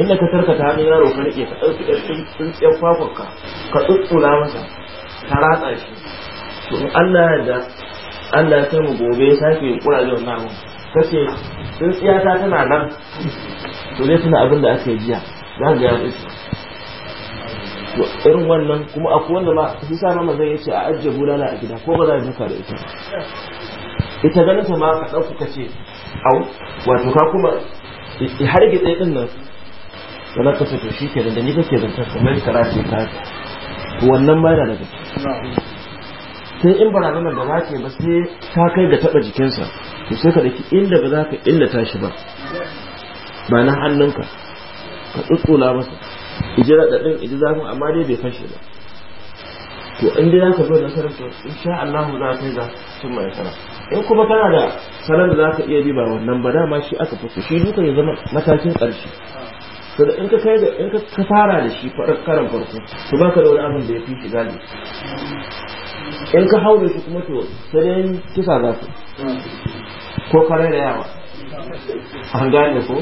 inda ka tarkata hannun yaro ka rike ka ɗauki ɗan tsuntsiyar kwakwaka ka tsuntsula masa ka ratsa shi to in Allah ya da Allah ya ta mu gobe ya sake yin kuraje wannan abin kace tsuntsiya ta tana nan to zai tuna abin da aka yi jiya za ga ya tsintsiya irin wannan kuma akwai wanda ma shi sa ma zai yace a ajiye bulala a gida ko ba za a zaka da ita ita ganin ta ma ka ɗauki ka ce au wato ka kuma har tsaye ɗin nan da na to shi ke da ni kake zanta kamar kara ce ka wannan ma yana da sai in nan da ba ba sai ta kai ga taɓa jikinsa to sai ka daki inda ba za ka illa tashi ba ba na hannunka ka tsutsula masa iji raɗaɗin za zafin amma dai bai fashe ba to in dai za ka zo da sarrafa in sha Allah za ka yi da su mai sarrafa in kuma kana da sanar da za ka iya bi ba wannan ba dama shi aka fito shi duka ya zama matakin ƙarshe to da in ka kai da in ka fara da shi karan farko to ba ka da wani abin da ya fi shi ne in ka haure shi kuma to sai dai kisa za ka ko kare da yawa an gane ko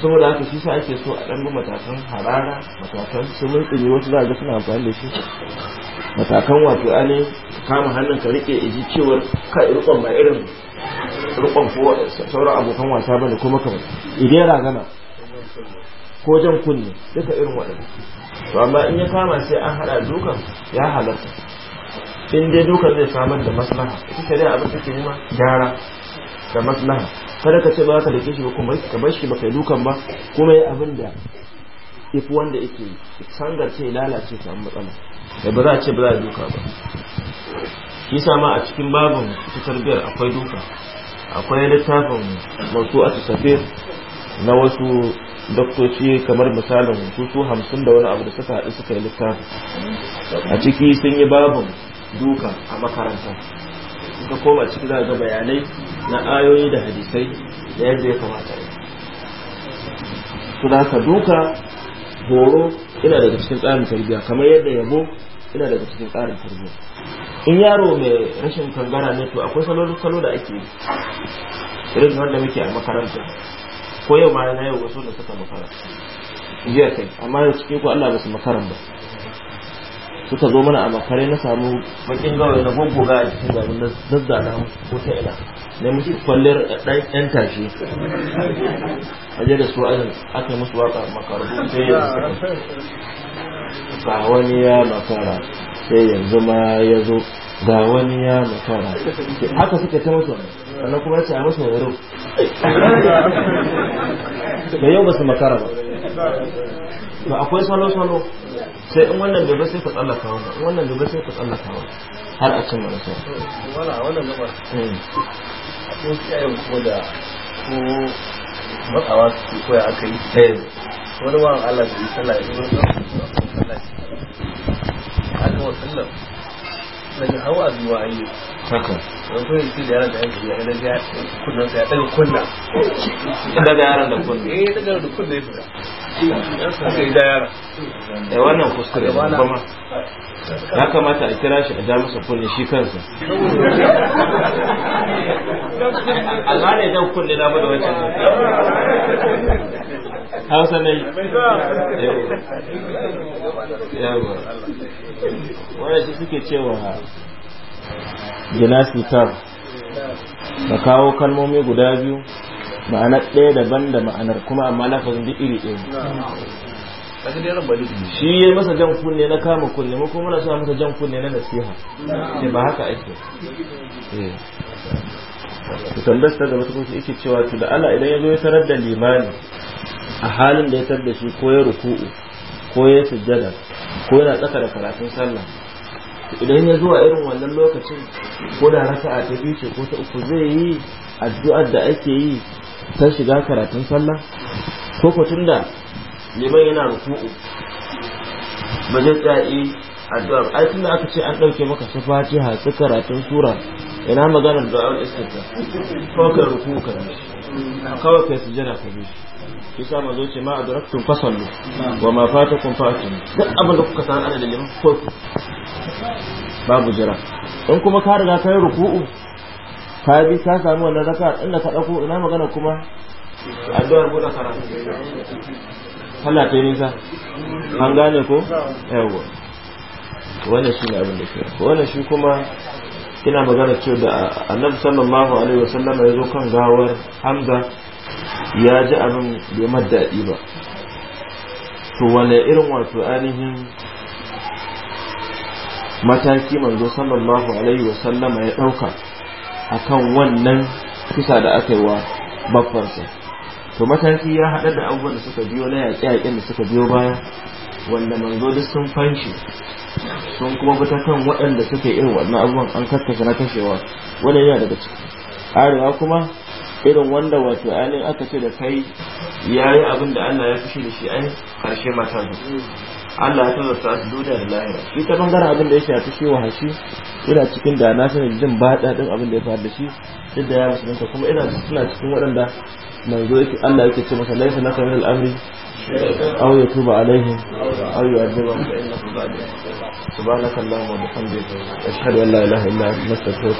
saboda haka shi sa ake so a ɗan matakan harara matakan sumin tsini wasu za a suna amfani da shi matakan wato ane kama hannun ka rike iji cewar ka rikon ba irin rukon ko sauran abokan wasa bane ko ba idan gana. ko jan kunne duka irin waɗanda to amma in ya kama sai an haɗa dukan ya halarta in dai dukan zai samar da maslaha ita dai abin take nema gyara da maslaha kada ka ce ba ka dake shi ba kuma ka bar shi ba kai dukan ba kuma yi abin da if wanda yake sangar ce lalace samu matsala da ba za a ce ba za a duka ba shi ma a cikin babin tarbiyar akwai duka akwai littafin masu a na wasu doktoci kamar misalin su su hamsin da wani abu da suka haɗu suka yi littafin a ciki sun yi babin duka a makaranta ka koma ciki za ga bayanai na ayoyi da hadisai da yadda ya kamata su da ka duka horo ina daga cikin tsarin tarbiyya kamar yadda yabo ina daga cikin tsarin tarbiyya in yaro mai rashin kangara ne to akwai salo salo da ake irin wanda muke a makaranta ko yau ma na yau wasu da suka makara jiya kai amma yau cikin ku Allah ba su makaran ba suka zo mana a makare na samu bakin gawayi na goggoga a cikin zaɓin na zazzana wata ina ne musu kwallar ɗan ɗan tashi a da su ajin aka musu waka makaru sai yanzu ga wani ya makara sai yanzu ma ya zo ga wani ya makara haka suke ta masa sannan kuma ce a masa yaro da yau ba su makara ba to akwai salo-salo sai in wannan gaba sai ka tsallaka wannan in wannan gaba sai ka tsallaka wannan har a cin marasa wala wannan gaba a cikin kiyayen ko da ko matsawa su ya aka yi ta wani wa'an Allah da yi sallah ya sallah sallah daga hawa zuwa yi haka don kuma yake da yaran da yake ya daga kunna sai daga kunna daga yaran da kunna eh daga da kunna ya fita haka da yaran eh wannan kuskure kuma ya kamata a kira shi a ja masa kunne shi kansa Allah ne dan kunne na mu da wancan hausa na yi yawa wadda shi suke cewa gilasi tar da kawo kalmomi guda biyu ma'anar ɗaya daban da ma'anar kuma amma lafazin duk iri ɗaya shi ya masa jan kunne na kama kunne ma kuma na sa masa jan kunne na nasiha sai ba haka ake to eh. tambayar ta gaba ta kuma yake cewa su da ala idan ya zo ya tarar da limani a halin da ya tar shi ko ya ruku'u ko ya sujjada ko yana tsaka da karatun sallah idan ya zuwa irin wannan lokacin ko da raka'a ta biyu ce ko ta uku zai yi addu'ar da ake yi ta shiga karatun sallah ko ko tunda liman yana ruku'u ba zai tsaya addu'ar ai tunda aka ce an dauke maka su fatiha su karatun sura ina maganar da'awar istinta ko ka ruku'u ka kawai kai jira ka bi shi sa mazo ce ma adraktum fasallu wa ma fatakum fa'tum duk abin da kuka san adadin limin liman ko babu jira in kuma ka riga kai ruku'u ka bi ka samu wannan raka inda ka dauko ina magana kuma addu'ar goda karatu Allah ta yi an gane ko yawa wannan shi ne abin da ke wannan shi kuma ina magana cewa da annabi sallallahu alaihi wasallam ya zo kan gawar hamza ya ji abin bai maddaɗi ba to wane irin wato ainihin mataki manzo sallallahu alaihi wasallam ya ɗauka akan wannan kisa da aka yi wa babbansa to mataki ya haɗa da abubuwan da suka biyo na yaƙe-yaƙen da suka biyo baya wanda manzo duk sun fanshi sun kuma bata kan waɗanda suke irin wannan abubuwan an kakkashe na kashewa wanda yana daga ciki arewa kuma irin wanda wato ainihin aka ce da kai ya yi abin da Allah ya fushi da shi ai karshe mata Allah ya da su duniya da lahira shi ta bangaren abin da ya shafi shi wa hashi ina cikin da na sanin jin ba daɗin abin da ya faru da shi duk da ya musulunta kuma ina suna cikin waɗanda manzo yake Allah yake ce masa laifin na kamar al'amri أو يتوب عليهم أو يعذبهم فإنه بعد سبحانك اللهم وبحمدك أشهد أن لا إله إلا أنت نستغفرك